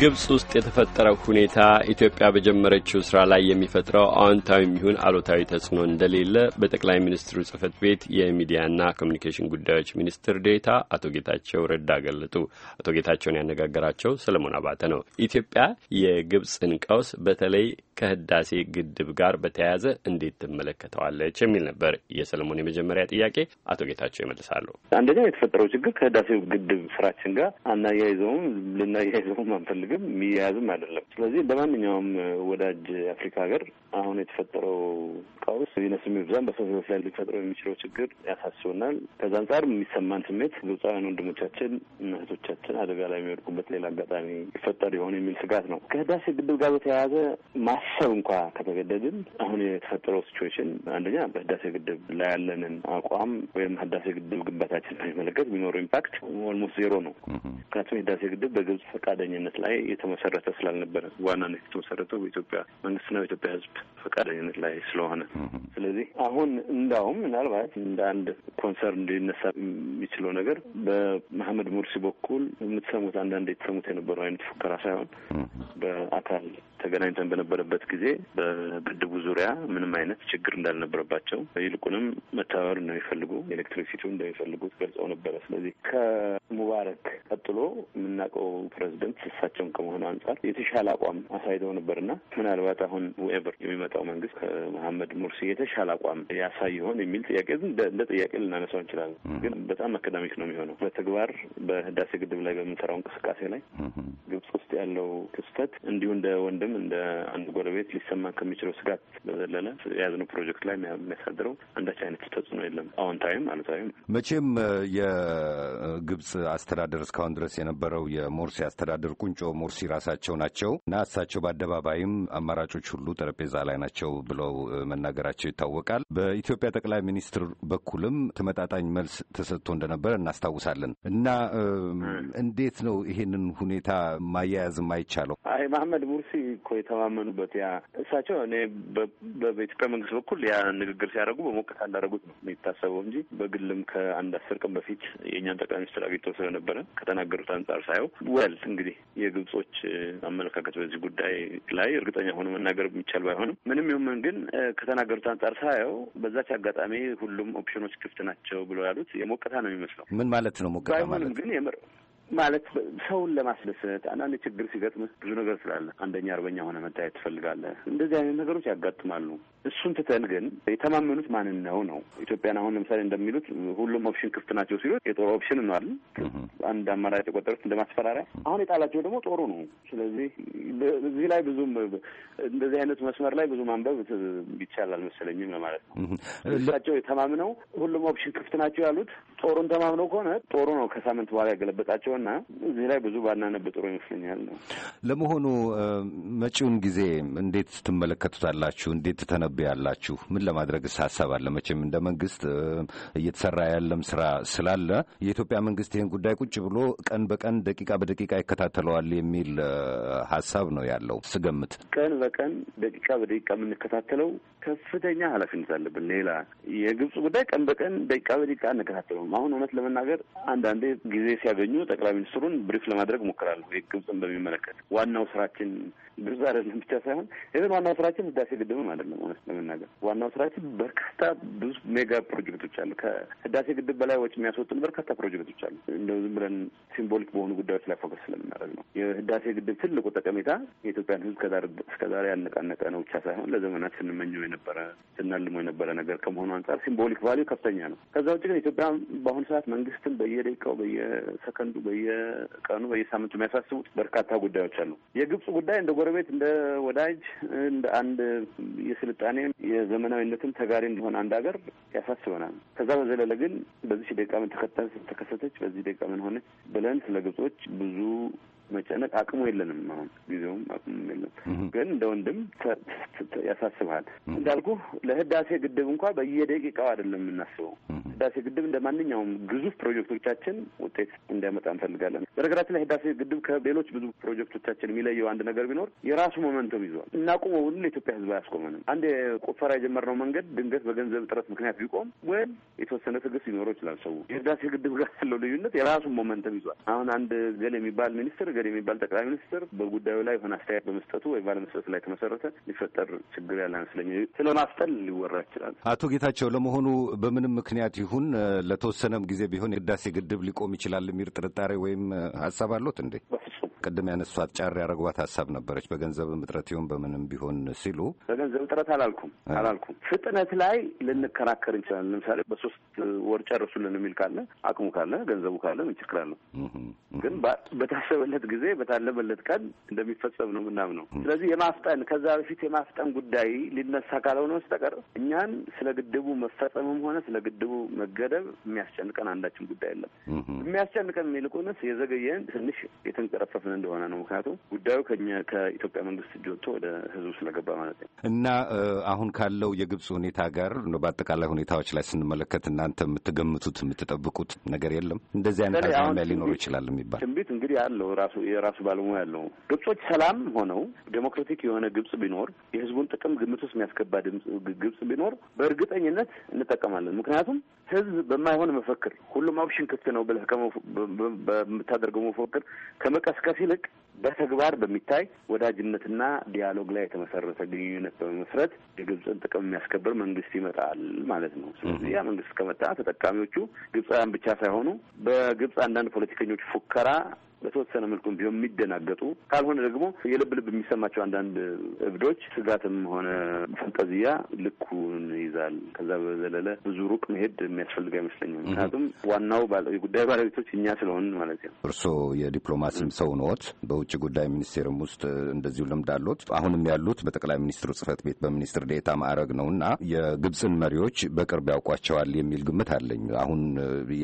ግብጽ ውስጥ የተፈጠረው ሁኔታ ኢትዮጵያ በጀመረችው ስራ ላይ የሚፈጥረው አዎንታዊ የሚሆን አሉታዊ ተጽዕኖ እንደሌለ በጠቅላይ ሚኒስትሩ ጽህፈት ቤት የሚዲያና ኮሚኒኬሽን ጉዳዮች ሚኒስትር ዴታ አቶ ጌታቸው ረዳ ገለጡ። አቶ ጌታቸውን ያነጋገራቸው ሰለሞን አባተ ነው። ኢትዮጵያ የግብጽን ቀውስ በተለይ ከህዳሴ ግድብ ጋር በተያያዘ እንዴት ትመለከተዋለች የሚል ነበር የሰለሞን የመጀመሪያ ጥያቄ። አቶ ጌታቸው ይመልሳሉ። አንደኛው የተፈጠረው ችግር ከህዳሴው ግድብ ስራችን ጋር አናያይዘውም፣ ልናያይዘውም አንፈልግም፣ የሚያያዝም አይደለም። ስለዚህ ለማንኛውም ወዳጅ አፍሪካ ሀገር አሁን የተፈጠረው ቀውስ ይነስም ይብዛም በሰው ህይወት ላይ ሊፈጥረው የሚችለው ችግር ያሳስበናል። ከዛ አንጻር የሚሰማን ስሜት ግብፃውያን ወንድሞቻችን እና እህቶቻችን አደጋ ላይ የሚወድቁበት ሌላ አጋጣሚ ይፈጠር ይሆን የሚል ስጋት ነው። ከህዳሴ ግድብ ጋር በተያያዘ ማስ ሰው እንኳ ከተገደድን አሁን የተፈጠረው ሲትዌሽን አንደኛ በህዳሴ ግድብ ላይ ያለንን አቋም ወይም ህዳሴ ግድብ ግንባታችን በሚመለከት የሚኖረው ኢምፓክት ኦልሞስት ዜሮ ነው። ምክንያቱም ህዳሴ ግድብ በግብጽ ፈቃደኝነት ላይ የተመሰረተ ስላልነበረ ዋናነት የተመሰረተው በኢትዮጵያ መንግስትና በኢትዮጵያ ህዝብ ፈቃደኝነት ላይ ስለሆነ፣ ስለዚህ አሁን እንዳውም ምናልባት እንደ አንድ ኮንሰርን ሊነሳ የሚችለው ነገር በመሐመድ ሙርሲ በኩል የምትሰሙት አንዳንድ የተሰሙት የነበረው አይነት ፉከራ ሳይሆን በአካል ተገናኝተን በነበረበት ጊዜ በግድቡ ዙሪያ ምንም አይነት ችግር እንዳልነበረባቸው ይልቁንም መተባበር እንደሚፈልጉ ኤሌክትሪሲቲ እንደሚፈልጉት ገልጸው ነበረ። ስለዚህ ከሙባረክ ቀጥሎ የምናውቀው ፕሬዚደንት እሳቸውን ከመሆኑ አንጻር የተሻለ አቋም አሳይተው ነበርና ምናልባት አሁን ውኤቨር የሚመጣው መንግስት ከመሀመድ ሙርሲ የተሻለ አቋም ያሳይ ይሆን የሚል ጥያቄ እንደ ጥያቄ ልናነሳው እንችላለን። ግን በጣም አካዳሚክ ነው የሚሆነው። በተግባር በህዳሴ ግድብ ላይ በምንሰራው እንቅስቃሴ ላይ ግብጽ ውስጥ ያለው ክስተት እንዲሁ እንደ ወንድም ግን እንደ አንድ ጎረቤት ሊሰማን ከሚችለው ስጋት በዘለለ የያዝነው ፕሮጀክት ላይ የሚያሳድረው አንዳች አይነት ተጽዕኖ የለም፣ አዎንታዊም አሉታዊም። መቼም የግብጽ አስተዳደር እስካሁን ድረስ የነበረው የሞርሲ አስተዳደር ቁንጮ ሞርሲ ራሳቸው ናቸው እና እሳቸው በአደባባይም አማራጮች ሁሉ ጠረጴዛ ላይ ናቸው ብለው መናገራቸው ይታወቃል። በኢትዮጵያ ጠቅላይ ሚኒስትር በኩልም ተመጣጣኝ መልስ ተሰጥቶ እንደነበረ እናስታውሳለን። እና እንዴት ነው ይሄንን ሁኔታ ማያያዝ አይቻለው? አይ መሐመድ ሙርሲ እኮ የተማመኑበት ያ እሳቸው እኔ በኢትዮጵያ መንግስት በኩል ያ ንግግር ሲያደርጉ በሞቀት እንዳደረጉት ነው የሚታሰበው እንጂ በግልም ከአንድ አስር ቀን በፊት የእኛን ጠቅላይ ሚኒስትር አግኝቶ ስለነበረ ከተናገሩት አንጻር ሳየው ወል እንግዲህ የግብጾች አመለካከት በዚህ ጉዳይ ላይ እርግጠኛ ሆኖ መናገር የሚቻል ባይሆንም ምንም ይሁን ምን ግን ከተናገሩት አንጻር ሳየው በዛች አጋጣሚ ሁሉም ኦፕሽኖች ክፍት ናቸው ብሎ ያሉት የሞቀታ ነው የሚመስለው። ምን ማለት ነው ሞቀታ ማለት? ባይሆንም ግን ማለት ሰውን ለማስደሰት አንዳንድ ችግር ሲገጥም ብዙ ነገር ስላለ አንደኛ አርበኛ ሆነ መታየት ትፈልጋለህ። እንደዚህ አይነት ነገሮች ያጋጥማሉ። እሱን ትተን ግን የተማመኑት ማንን ነው ነው ኢትዮጵያን አሁን ለምሳሌ እንደሚሉት ሁሉም ኦፕሽን ክፍት ናቸው ሲሉት የጦር ኦፕሽን ነው አይደል? አንድ አማራጭ የቆጠሩት እንደ ማስፈራሪያ አሁን የጣላቸው ደግሞ ጦሩ ነው። ስለዚህ እዚህ ላይ ብዙም እንደዚህ አይነት መስመር ላይ ብዙ ማንበብ ይቻላል አልመሰለኝም ለማለት ነው። እሳቸው የተማምነው ሁሉም ኦፕሽን ክፍት ናቸው ያሉት ጦሩን ተማምነው ከሆነ ጦሩ ነው ከሳምንት በኋላ ያገለበጣቸው። እና እዚህ ላይ ብዙ ባናነብ ጥሩ ይመስለኛል። ነው ለመሆኑ መጪውን ጊዜ እንዴት ትመለከቱታላችሁ? እንዴት ትተነብያላችሁ? ምን ለማድረግ ሀሳብ አለ? መቼም እንደ መንግስት እየተሰራ ያለም ስራ ስላለ የኢትዮጵያ መንግስት ይህን ጉዳይ ቁጭ ብሎ ቀን በቀን ደቂቃ በደቂቃ ይከታተለዋል የሚል ሀሳብ ነው ያለው። ስገምት ቀን በቀን ደቂቃ በደቂቃ የምንከታተለው ከፍተኛ ኃላፊነት አለብን። ሌላ የግብፅ ጉዳይ ቀን በቀን ደቂቃ በደቂቃ አንከታተለውም። አሁን እውነት ለመናገር አንዳንዴ ጊዜ ሲያገኙ ጠቅላይ ጠቅላይ ሚኒስትሩን ብሪፍ ለማድረግ ሞክራለሁ። ይህ ግብፅን በሚመለከት ዋናው ስራችን ግብፅ አይደለም ብቻ ሳይሆን ይህን ዋናው ስራችን ህዳሴ ግድብም አይደለም። እውነት ለመናገር ዋናው ስራችን በርካታ ብዙ ሜጋ ፕሮጀክቶች አሉ። ከህዳሴ ግድብ በላይ ወጪ የሚያስወጡን በርካታ ፕሮጀክቶች አሉ። እንደው ዝም ብለን ሲምቦሊክ በሆኑ ጉዳዮች ላይ ፎከስ ስለምናደርግ ነው። የህዳሴ ግድብ ትልቁ ጠቀሜታ የኢትዮጵያን ህዝብ እስከዛሬ ያነቃነቀ ነው ብቻ ሳይሆን ለዘመናት ስንመኘው የነበረ ስናልሞ የነበረ ነገር ከመሆኑ አንጻር ሲምቦሊክ ቫሊዩ ከፍተኛ ነው። ከዛ ውጭ ግን ኢትዮጵያ በአሁኑ ሰዓት መንግስትን በየደቂቃው በየሰከንዱ በየ በየቀኑ በየሳምንቱ የሚያሳስቡት በርካታ ጉዳዮች አሉ። የግብፅ ጉዳይ እንደ ጎረቤት፣ እንደ ወዳጅ፣ እንደ አንድ የስልጣኔ የዘመናዊነትን ተጋሪ እንደሆነ አንድ ሀገር ያሳስበናል። ከዛ በዘለለ ግን በዚህ ደቂቃ ምን ተከሰተች፣ በዚህ ደቂቃ ምን ሆነች ብለን ስለ ግብጾች ብዙ መጨነቅ አቅሙ የለንም። አሁን ጊዜውም አቅሙ የለም። ግን እንደ ወንድም ያሳስብሃል። እንዳልኩ ለህዳሴ ግድብ እንኳ በየደቂቃው አይደለም የምናስበው። ህዳሴ ግድብ እንደ ማንኛውም ግዙፍ ፕሮጀክቶቻችን ውጤት እንዲያመጣ እንፈልጋለን። በነገራችን ላይ ህዳሴ ግድብ ከሌሎች ብዙ ፕሮጀክቶቻችን የሚለየው አንድ ነገር ቢኖር የራሱ ሞመንተም ይዟል እና ቁመው ሁሉ ኢትዮጵያ ህዝብ አያስቆመንም። አንድ ቆፈራ የጀመርነው መንገድ ድንገት በገንዘብ እጥረት ምክንያት ቢቆም ወይም የተወሰነ ትዕግስት ሊኖረው ይችላል ሰው። የህዳሴ ግድብ ጋር ያለው ልዩነት የራሱ ሞመንተም ይዟል። አሁን አንድ ገሌ የሚባል ሚኒስትር፣ ገሌ የሚባል ጠቅላይ ሚኒስትር በጉዳዩ ላይ የሆነ አስተያየት በመስጠቱ ወይም ባለመስጠቱ ላይ ተመሰረተ ሊፈጠር ችግር ያለ አይመስለኝም። ስለ ማስጠል ሊወራ ይችላል። አቶ ጌታቸው ለመሆኑ በምንም ምክንያት ይሁን ለተወሰነም ጊዜ ቢሆን የህዳሴ ግድብ ሊቆም ይችላል የሚል ጥርጣሬ ወይም ሀሳብ አሉት እንዴ? ቅድም ያነሷት ጫር ያደረጓት ሀሳብ ነበረች። በገንዘብ እጥረት ይሁን በምንም ቢሆን ሲሉ በገንዘብ እጥረት አላልኩም አላልኩም። ፍጥነት ላይ ልንከራከር እንችላለን። ለምሳሌ በሶስት ወር ጨርሱልን የሚል ካለ አቅሙ ካለ ገንዘቡ ካለ እንችክራለን። ግን በታሰበለት ጊዜ በታለበለት ቀን እንደሚፈጸም ነው ምናምነው። ስለዚህ የማፍጠን ከዛ በፊት የማፍጠን ጉዳይ ሊነሳ ካልሆነ በስተቀር እኛን ስለ ግድቡ መፈጸምም ሆነ ስለ ግድቡ መገደብ የሚያስጨንቀን አንዳችን ጉዳይ የለም። የሚያስጨንቀን የሚልቁንስ የዘገየን ትንሽ የተንቀረፈፍ እየደረስን እንደሆነ ነው። ምክንያቱም ጉዳዩ ከኛ ከኢትዮጵያ መንግስት እጅ ወጥቶ ወደ ህዝቡ ስለገባ ማለት ነው እና አሁን ካለው የግብፅ ሁኔታ ጋር በአጠቃላይ ሁኔታዎች ላይ ስንመለከት እናንተ የምትገምቱት የምትጠብቁት ነገር የለም እንደዚህ አይነት አዝማሚያ ሊኖሩ ይችላል የሚባል ትንቢት እንግዲህ አለው ራሱ የራሱ ባለሙያ ያለው ግብጾች ሰላም ሆነው ዴሞክራቲክ የሆነ ግብጽ ቢኖር የህዝቡን ጥቅም ግምት ውስጥ የሚያስገባ ግብጽ ቢኖር በእርግጠኝነት እንጠቀማለን። ምክንያቱም ህዝብ በማይሆን መፈክር ሁሉም ኦፕሽን ክፍት ነው ብለህ በምታደርገው መፈክር ከመቀስቀስ ይልቅ በተግባር በሚታይ ወዳጅነትና ዲያሎግ ላይ የተመሰረተ ግንኙነት በመመስረት የግብፅን ጥቅም የሚያስከብር መንግስት ይመጣል ማለት ነው። ስለዚህ ያ መንግስት ከመጣ ተጠቃሚዎቹ ግብፃውያን ብቻ ሳይሆኑ በግብፅ አንዳንድ ፖለቲከኞች ፉከራ በተወሰነ መልኩም ቢሆን የሚደናገጡ ካልሆነ ደግሞ የልብ ልብ የሚሰማቸው አንዳንድ እብዶች ስጋትም ሆነ ፈንጠዝያ ልኩን ይዛል። ከዛ በዘለለ ብዙ ሩቅ መሄድ የሚያስፈልግ አይመስለኝም። ምክንያቱም ዋናው የጉዳይ ባለቤቶች እኛ ስለሆን ማለት ነው። እርስዎ የዲፕሎማሲም ሰው ነዎት፣ በውጭ ጉዳይ ሚኒስቴርም ውስጥ እንደዚሁ ልምድ አሉት። አሁንም ያሉት በጠቅላይ ሚኒስትሩ ጽህፈት ቤት በሚኒስትር ዴታ ማዕረግ ነው እና የግብፅን መሪዎች በቅርብ ያውቋቸዋል የሚል ግምት አለኝ። አሁን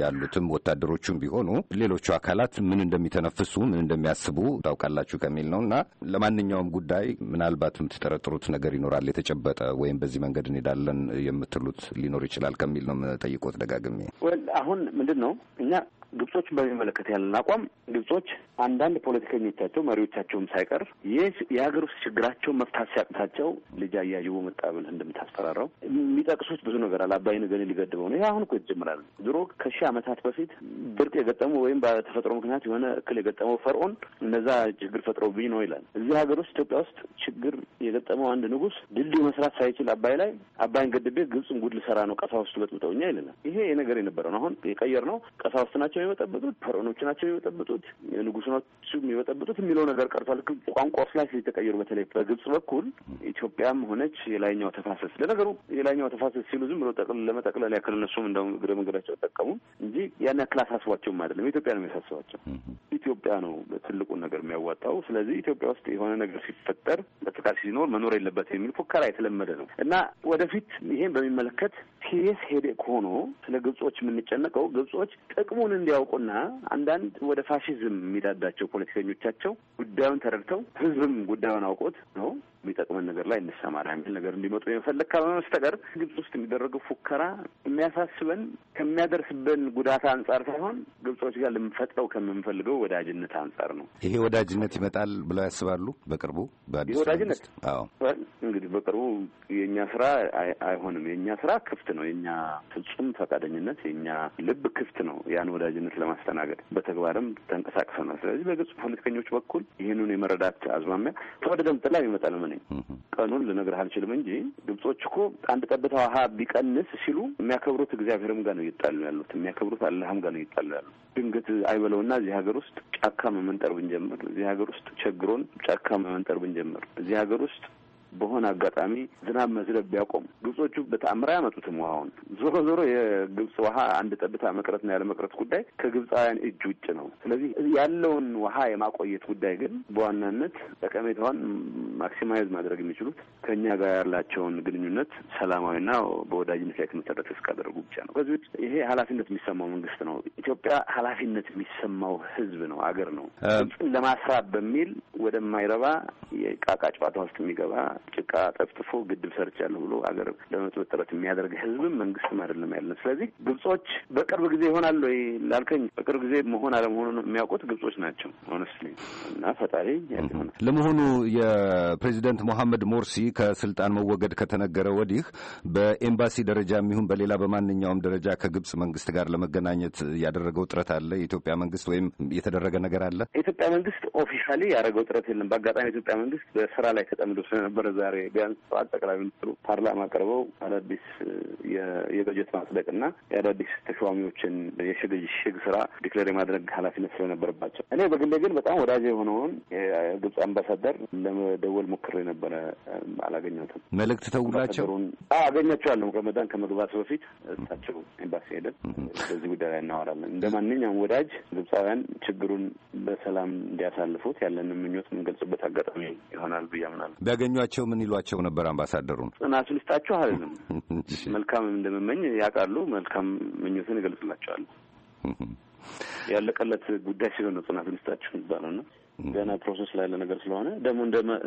ያሉትም ወታደሮቹም ቢሆኑ ሌሎቹ አካላት ምን እንደሚተ እንደሚተነፍሱ ምን እንደሚያስቡ ታውቃላችሁ ከሚል ነው እና ለማንኛውም ጉዳይ ምናልባት የምትጠረጥሩት ነገር ይኖራል የተጨበጠ ወይም በዚህ መንገድ እንሄዳለን የምትሉት ሊኖር ይችላል ከሚል ነው የምጠይቆት ደጋግሜ። አሁን ምንድን ነው እኛ ግብጾችን በሚመለከት ያለን አቋም ግብጾች አንዳንድ ፖለቲከኞቻቸው መሪዎቻቸውም ሳይቀር ይህ የሀገር ውስጥ ችግራቸውን መፍታት ሲያቅታቸው ልጅ አያዩ መጣ ብለህ እንደምታስፈራራው የሚጠቅሱት ብዙ ነገር አለ። አባይ ገኔ ሊገድበው ነው። ይህ አሁን እኮ ይጀምራል። ድሮ ከሺህ ዓመታት በፊት ድርቅ የገጠመው ወይም በተፈጥሮ ምክንያት የሆነ እክል የገጠመው ፈርዖን እነዛ ችግር ፈጥረውብኝ ነው ይላል። እዚህ ሀገር ውስጥ ኢትዮጵያ ውስጥ ችግር የገጠመው አንድ ንጉስ ድልድይ መስራት ሳይችል አባይ ላይ አባይን ገድቤ ግብፅን ጉድ ልሰራ ነው ቀሳ ውስጥ በጥብጠውኛ ይልናል። ይሄ የነገር የነበረ ነው። አሁን የቀየር ነው ቀሳ ውስጥ ናቸው የሚበጠብጡት፣ ፈርዖኖቹ ናቸው የሚበጠብጡት፣ ንጉሱ ናቸው የሚበጠብጡት የሚለው ነገር ቀርቷል። ቋንቋ ስላሽ የተቀየሩ በተለይ በግብጽ በኩል ኢትዮጵያም ሆነች የላይኛው ተፋሰስ ለነገሩ የላይኛው ተፋሰስ ሲሉ ዝም ብሎ ለመጠቅለል ያክል እነሱም እንደ እግረ መንገዳቸው ጠቀሙ እንጂ ያን ያክል አሳስቧቸውም አይደለም። ኢትዮጵያ ነው የሚያሳስባቸው። ኢትዮጵያ ነው ትልቁን ነገር የሚያዋጣው። ስለዚህ ኢትዮጵያ ውስጥ የሆነ ነገር ሲፈጠር በጥቃት ሲኖር መኖር የለበት የሚል ፉከራ የተለመደ ነው እና ወደፊት ይሄን በሚመለከት ሲሪየስ ሄዴክ ሆኖ ስለ ግብጾች የምንጨነቀው ግብጾች ጥቅሙን እንዲያውቁና አንዳንድ ወደ ፋሽዝም የሚዳዳቸው ፖለቲከኞቻቸው ጉዳዩን ተረድተው ህዝብም ጉዳዩን አውቆት ነው የሚጠቅመን ነገር ላይ እንሰማራ የሚል ነገር እንዲመጡ የመፈለግ ካልሆነ በስተቀር ግብጽ ውስጥ የሚደረገው ፉከራ የሚያሳስበን ከሚያደርስብን ጉዳት አንጻር ሳይሆን ግብጾች ጋር ልንፈጥረው ከምንፈልገው ወዳጅነት አንጻር ነው። ይሄ ወዳጅነት ይመጣል ብለው ያስባሉ? በቅርቡ በአዲስ ወዳጅነት? አዎ እንግዲህ በቅርቡ የእኛ ስራ አይሆንም። የእኛ ስራ ክፍት ነው። የእኛ ፍጹም ፈቃደኝነት፣ የእኛ ልብ ክፍት ነው ያን ወዳጅነት ለማስተናገድ በተግባርም ተንቀሳቅሰናል። ስለዚህ በግብጽ ፖለቲከኞች በኩል ይህንን የመረዳት አዝማሚያ ተወደደም ጥላም ይመጣል ምን ነኝ። ቀኑን ልነግርህ አልችልም እንጂ ግብጾች እኮ አንድ ጠብታ ውሃ ቢቀንስ ሲሉ የሚያከብሩት እግዚአብሔርም ጋር ነው ይጣሉ ያሉት፣ የሚያከብሩት አላህም ጋር ነው ይጣሉ ያሉት። ድንገት አይበለውና እዚህ ሀገር ውስጥ ጫካ መመንጠር ብንጀምር፣ እዚህ ሀገር ውስጥ ቸግሮን ጫካ መመንጠር ብንጀምር፣ እዚህ ሀገር ውስጥ በሆነ አጋጣሚ ዝናብ መዝለብ ቢያቆም ግብጾቹ በተአምር አያመጡትም ውሃውን። ዞሮ ዞሮ የግብጽ ውሃ አንድ ጠብታ መቅረትና ያለመቅረት ጉዳይ ከግብፃውያን እጅ ውጭ ነው። ስለዚህ ያለውን ውሃ የማቆየት ጉዳይ ግን በዋናነት ጠቀሜታዋን ማክሲማይዝ ማድረግ የሚችሉት ከእኛ ጋር ያላቸውን ግንኙነት ሰላማዊና በወዳጅነት ላይ የተመሰረተ እስካደረጉ ብቻ ነው። ከዚህ ውጭ ይሄ ኃላፊነት የሚሰማው መንግስት ነው። ኢትዮጵያ ኃላፊነት የሚሰማው ህዝብ ነው፣ አገር ነው። ግብፅን ለማስራብ በሚል ወደማይረባ የቃቃ ጨዋታ ውስጥ የሚገባ ጭቃ ጠፍጥፎ ግድብ ሰርቻለሁ ብሎ አገር ለመበጥበጥ ጥረት የሚያደርግ ህዝብም መንግስትም አይደለም ያለን። ስለዚህ ግብጾች በቅርብ ጊዜ ይሆናል ወይ ላልከኝ በቅርብ ጊዜ መሆን አለመሆኑን የሚያውቁት ግብጾች ናቸው። ሆነስትሊ እና ፈጣሪ ያለ ለመሆኑ የፕሬዚደንት ሞሐመድ ሞርሲ ከስልጣን መወገድ ከተነገረ ወዲህ በኤምባሲ ደረጃ የሚሆን በሌላ በማንኛውም ደረጃ ከግብጽ መንግስት ጋር ለመገናኘት ያደረገው ጥረት አለ የኢትዮጵያ መንግስት ወይም የተደረገ ነገር አለ? የኢትዮጵያ መንግስት ኦፊሻሊ ያደረገው ጥረት የለም። በአጋጣሚ የኢትዮጵያ መንግስት በስራ ላይ ተጠምዶ ስለነበረ ዛሬ ቢያንስ ጠዋት ጠቅላይ ሚኒስትሩ ፓርላማ ቀርበው አዳዲስ የበጀት ማጽደቅ እና የአዳዲስ ተሿሚዎችን የሽግሽግ ስራ ዲክሌር የማድረግ ኃላፊነት ስለነበረባቸው እኔ በግሌ ግን በጣም ወዳጅ የሆነውን የግብፅ አምባሳደር ለመደወል ሞክሬ የነበረ አላገኘሁትም። መልእክት ተውላቸው አገኛቸዋለሁ። ረመዳን ከመግባት በፊት እሳቸው ኤምባሲ ሄደን በዚህ ጉዳይ ላይ እናወራለን። እንደ ማንኛውም ወዳጅ ግብፃውያን ችግሩን በሰላም በሰላም እንዲያሳልፉት ያለን ምኞት የምንገልጽበት አጋጣሚ ይሆናል ብዬ አምናለሁ። ቢያገኟቸው ምን ይሏቸው ነበር? አምባሳደሩን ጽናቱ ልስጣችሁ አለንም መልካም እንደምመኝ ያውቃሉ። መልካም ምኞትን እገልጽላቸዋለሁ። ያለቀለት ጉዳይ ሲሆን ጽናት ልስጣችሁ የሚባለው ና ገና ፕሮሰስ ላይ ያለ ነገር ስለሆነ ደግሞ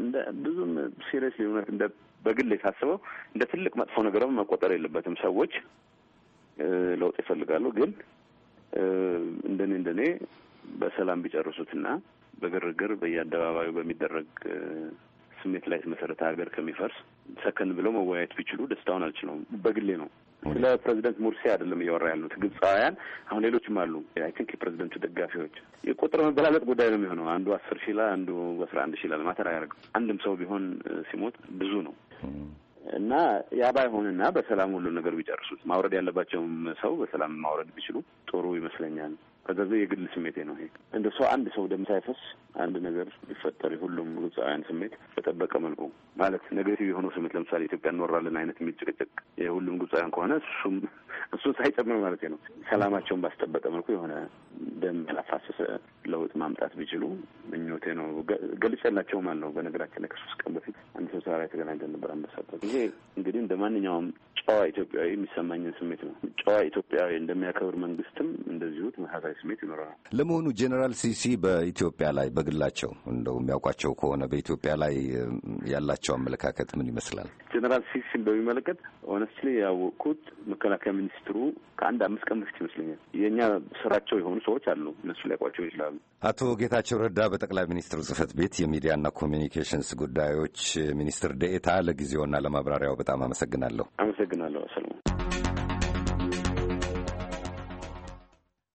እንደ ብዙም ሲሪየስ ሊሆነት እንደ በግል የታስበው እንደ ትልቅ መጥፎ ነገርም መቆጠር የለበትም። ሰዎች ለውጥ ይፈልጋሉ ግን እንደኔ እንደኔ በሰላም ቢጨርሱትና በግርግር በየአደባባዩ በሚደረግ ስሜት ላይ መሰረተ ሀገር ከሚፈርስ ሰከን ብለው መወያየት ቢችሉ ደስታውን አልችለውም። በግሌ ነው። ስለ ፕሬዚደንት ሙርሲ አይደለም እያወራ ያሉት ግብፃውያን። አሁን ሌሎችም አሉ። አይ ቲንክ የፕሬዚደንቱ ደጋፊዎች የቁጥር መበላለጥ ጉዳይ ነው የሚሆነው። አንዱ አስር ሺ ይላል፣ አንዱ አስራ አንድ ሺ ይላል። ማተር አያደርግም። አንድም ሰው ቢሆን ሲሞት ብዙ ነው እና ያ ባይሆንና በሰላም ሁሉ ነገር ቢጨርሱት ማውረድ ያለባቸውም ሰው በሰላም ማውረድ ቢችሉ ጥሩ ይመስለኛል። ከገዛ የግል ስሜቴ ነው ይሄ። እንደ ሰው አንድ ሰው ደም ሳይፈስ አንድ ነገር ቢፈጠር የሁሉም ግብፃውያን ስሜት በጠበቀ መልኩ ማለት ነገቲቭ የሆነው ስሜት ለምሳሌ ኢትዮጵያ እንወራለን አይነት የሚል ጭቅጭቅ የሁሉም ግብፃውያን ከሆነ እሱም እሱን ሳይጨምር ማለት ነው ሰላማቸውን ባስጠበቀ መልኩ የሆነ ደም ያላፋሰሰ ለውጥ ማምጣት ቢችሉ ምኞቴ ነው። ገልጨላቸውም አለው። በነገራችን ላይ ከሶስት ቀን በፊት አንድ ስብሰባ ላይ ተገናኝተን ነበር። አንበሳበት ይሄ እንግዲህ እንደ ማንኛውም ጨዋ ኢትዮጵያዊ የሚሰማኝን ስሜት ነው። ጨዋ ኢትዮጵያዊ እንደሚያከብር መንግስትም እንደዚሁ ተመሳሳይ ስሜት ይኖረናል። ለመሆኑ ጄኔራል ሲሲ በኢትዮጵያ ላይ በግላቸው እንደው የሚያውቋቸው ከሆነ በኢትዮጵያ ላይ ያላቸው አመለካከት ምን ይመስላል? ጄኔራል ሲሲን በሚመለከት ኦነስትሊ ያወቅኩት መከላከያ ሚኒስትሩ ከአንድ አምስት ቀን በፊት ይመስለኛል። የእኛ ስራቸው የሆኑ ሰዎች አሉ፣ እነሱ ሊያውቋቸው ይችላሉ። አቶ ጌታቸው ረዳ በጠቅላይ ሚኒስትሩ ጽህፈት ቤት የሚዲያና ኮሚኒኬሽንስ ጉዳዮች ሚኒስትር ደኤታ፣ ለጊዜውና ለማብራሪያው በጣም አመሰግናለሁ። አመሰግናለሁ። አመሰግናለሁ። ሰለሞን